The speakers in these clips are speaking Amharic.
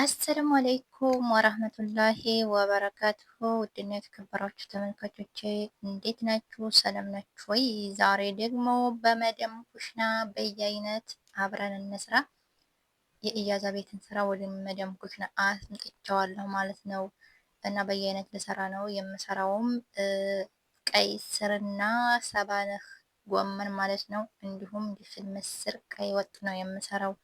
አሰላሙ አለይኩም ወራህመቱላሂ ወበረካቱሁ። ውድና የተከበራችሁ ተመልካቾቼ እንዴት ናችሁ? ሰላም ናችሁ ወይ? ዛሬ ደግሞ በመደም ኩሽና በየአይነት አብረን እንስራ። የኢያዛ ቤትን ስራ ወደ መደም ኩሽና አስምጥቸዋለሁ ማለት ነው እና በየአይነት ልሰራ ነው የምሰራውም ቀይ ስርና ሰባነህ ጎመን ማለት ነው። እንዲሁም ድፍን ምስር ቀይ ወጥ ነው የምሰራው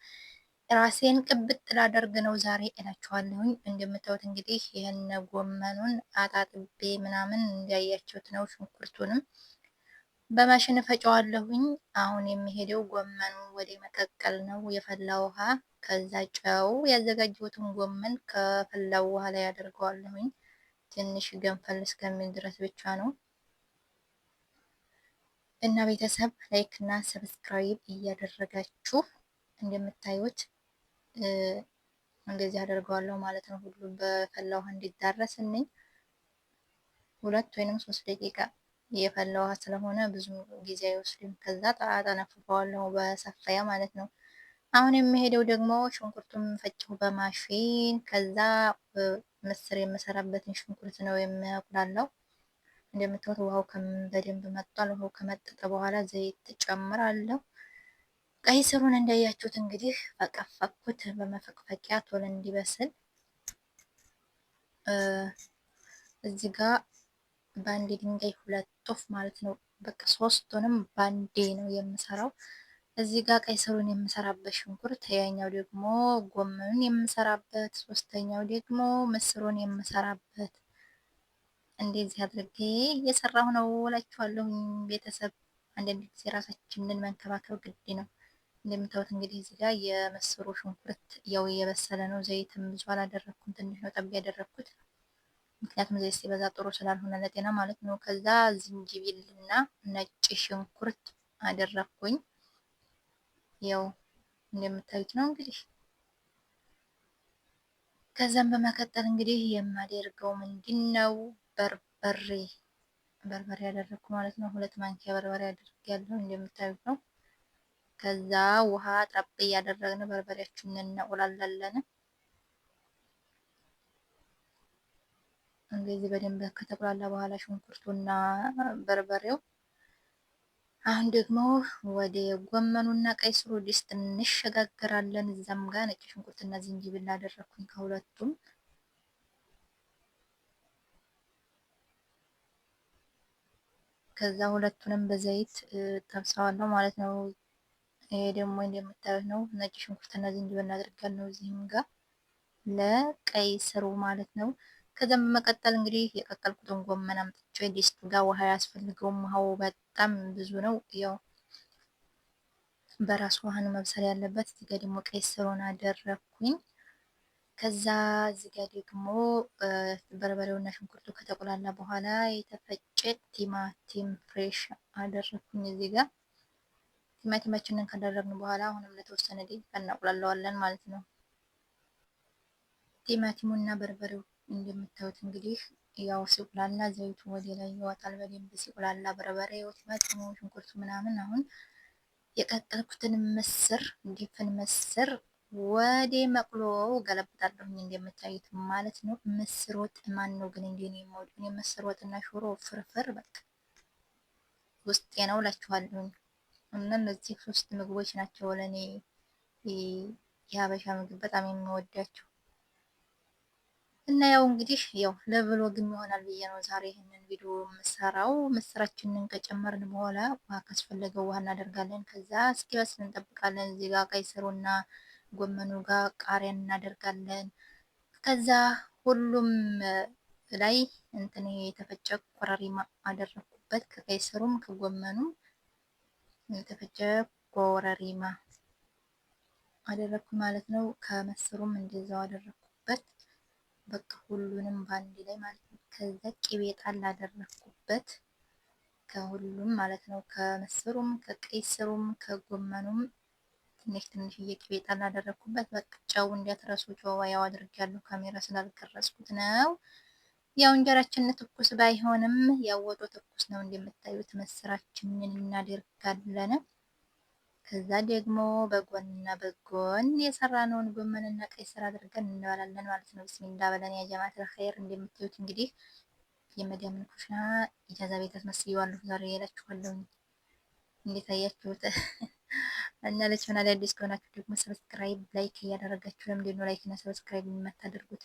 ራሴን ቅብጥ ላደርግ ነው ዛሬ እላችኋለሁኝ። እንደምታዩት እንግዲህ ይህን ጎመኑን አጣጥቤ ምናምን እንዲያያቸውት ነው። ሽንኩርቱንም በማሽን ፈጨዋለሁኝ። አሁን የሚሄደው ጎመኑ ወደ መቀቀል ነው። የፈላ ውሃ፣ ከዛ ጨው፣ ያዘጋጀሁትን ጎመን ከፈላው ውሃ ላይ አደርገዋለሁኝ። ትንሽ ገንፈል እስከሚል ድረስ ብቻ ነው። እና ቤተሰብ ላይክ እና ሰብስክራይብ እያደረጋችሁ እንደምታዩት እንደዚህ አደርገዋለሁ ማለት ነው። ሁሉም በፈላ ውሃ እንዲዳረስልኝ ሁለት ወይንም ሶስት ደቂቃ የፈላ ውሃ ስለሆነ ብዙ ጊዜ አይወስድም። ከዛ ጠነፍፈዋለሁ በሰፋያ ማለት ነው። አሁን የምሄደው ደግሞ ሽንኩርቱን ፈጨሁ በማሽን ከዛ ምስር የምሰራበትን ሽንኩርት ነው የሚያቁላለው። እንደምታዩት ውሃው በደንብ መጥቷል። ውሃው ከመጠጠ በኋላ ዘይት ጨምራለሁ። ቀይ ስሩን እንዳያችሁት እንግዲህ ፈቀፈኩት በመፈቅፈቂያ ቶሎ እንዲበስል እዚህ ጋር በአንድ ድንጋይ ሁለት ጦፍ ማለት ነው። በቃ ሶስቱንም ባንዴ ነው የምሰራው። እዚህ ጋር ቀይ ስሩን የምሰራበት ሽንኩርት፣ ያኛው ደግሞ ጎመኑን የምሰራበት፣ ሶስተኛው ደግሞ ምስሩን የምሰራበት እንደዚህ አድርጌ እየሰራሁ ነው እላችኋለሁ። ቤተሰብ አንዳንድ ጊዜ ራሳችንን መንከባከብ ግድ ነው። እንደምታዩት እንግዲህ እዚህ ጋር የምስሩ ሽንኩርት ያው እየበሰለ ነው። ዘይትም ብዙ አላደረግኩም፣ ትንሽ ነው ጠብ ያደረግኩት፣ ምክንያቱም ዘይት ሲበዛ ጥሩ ስላልሆነ ለጤና ማለት ነው። ከዛ ዝንጅቢልና ነጭ ሽንኩርት አደረግኩኝ። ያው እንደምታዩት ነው እንግዲህ። ከዛም በመቀጠል እንግዲህ የማደርገው ምንድን ነው በርበሬ በርበሬ ያደረግኩ ማለት ነው። ሁለት ማንኪያ በርበሬ አድርጌያለሁ እንደምታዩት ነው። ከዛ ውሃ ጠብ እያደረግን በርበሬያችንን እናቁላላለን። እንደዚህ በደንብ ከተቁላላ በኋላ ሽንኩርቱና በርበሬው አሁን ደግሞ ወደ ጎመኑና ቀይ ስሩ ድስት እንሸጋገራለን። እዛም ጋር ነጭ ሽንኩርትና ዝንጅብል እናደረግኩኝ ከሁለቱም ከዛ ሁለቱንም በዘይት ጠብሰዋለሁ ማለት ነው። ይሄ ደግሞ እንደምታዩት ነው። ነጭ ሽንኩርት እና ዝንጅብል እናደርጋል ነው እዚህም ጋር ለቀይ ስሩ ማለት ነው። ከዚያም በመቀጠል እንግዲህ የቀቀልኩትን ጎመን አምጥቼ ዲስቱ ጋር ውሃ ያስፈልገውም። ውሃው በጣም ብዙ ነው። ያው በራሱ ውሃ ነው መብሰል ያለበት። እዚህ ጋር ደግሞ ቀይ ስሩን አደረኩኝ። ከዛ እዚህ ጋር ደግሞ በርበሬውና ሽንኩርቱ ከተቆላላ በኋላ የተፈጨ ቲማቲም ፍሬሽ አደረኩኝ እዚህ ጋር ቲማቲማችንን ካደረግን በኋላ አሁንም ለተወሰነ ደቂቃ እናቁላለዋለን ማለት ነው። ቲማቲሙና በርበሬው እንደምታዩት እንግዲህ ያው ሲቁላላ ዘይቱ ወደ ላይ ይወጣል። በደንብ ሲቁላላ በርበሬው፣ ቲማቲሙ፣ ሽንኩርቱ ምናምን አሁን የቀቀልኩትን ምስር ድፍን ምስር ወደ መቅሎ ገለብጣለሁ እንደምታዩት ማለት ነው። ምስር ወጥ ማን ነው ግን እንዴ ነው የምወድ ምስር ወጥና ሽሮ ፍርፍር በቃ ውስጤ ነው እላችኋለሁ። እና እነዚህ ሶስት ምግቦች ናቸው ለእኔ የሀበሻ ምግብ በጣም የሚወዳቸው እና ያው እንግዲህ ያው ለብሎግም ይሆናል ብዬ ነው ዛሬ ይህንን ቪዲዮ የምሰራው። ምስራችንን ከጨመርን በኋላ ውሃ ካስፈለገው ውሃ እናደርጋለን። ከዛ እስኪበስል እንጠብቃለን። እዚህ ጋር ቀይ ስሩና ጎመኑ ጋር ቃሪያን እናደርጋለን። ከዛ ሁሉም ላይ እንትን የተፈጨ ኮረሪማ አደረግኩበት ከቀይ ስሩም ከጎመኑም የተፈጨ ኮረሪማ አደረግኩ ማለት ነው። ከመስሩም እንደዛው አደረግኩበት። በቃ ሁሉንም በአንድ ላይ ማለት ነው። ከዛ ቅቤ ጣል አደረግኩበት ከሁሉም ማለት ነው። ከመስሩም፣ ከቀይ ስሩም፣ ከጎመኑም ትንሽ ትንሽ እየቅቤ ጣል አደረግኩበት። በቃ ጨው እንዲያትረሱ ጨዋ ያው አድርጌያለሁ ካሜራ ስላልቀረጽኩት ነው። ያው እንጀራችን ትኩስ ባይሆንም ያው ያወጡ ትኩስ ነው። እንደምታዩት ምስራችንን እናደርጋለን። ከዛ ደግሞ በጎንና በጎን የሰራነውን ጎመንና ቀይ ስር አድርገን እንበላለን ማለት ነው። ቢስሚላ በለን ያ ጀማዓት ኸይር። እንደምታዩት እንግዲህ የመዲያምን ኩሽና ኢጃዛ ቤት አስመስየዋለሁ ዛሬ እላችኋለሁ። እንዴት አያችሁት? እና ለቻናሌ አዲስ ከሆናችሁ ደግሞ ሰብስክራይብ፣ ላይክ እያደረጋችሁ ለምንድን ነው ላይክ እና ሰብስክራይብ የማታደርጉት?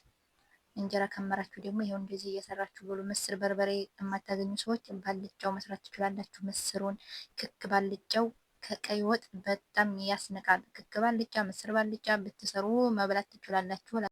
እንጀራ ካመራችሁ ደግሞ ይሄው እንደዚህ እየሰራችሁ ብሎ ምስር በርበሬ የማታገኙ ሰዎች ባልጫው መስራት ትችላላችሁ። ምስሩን ክክ ባልጫው ከቀይ ወጥ በጣም ያስነቃል። ክክ ባልጫ፣ ምስር ባልጫ ብትሰሩ መብላት ትችላላችሁ።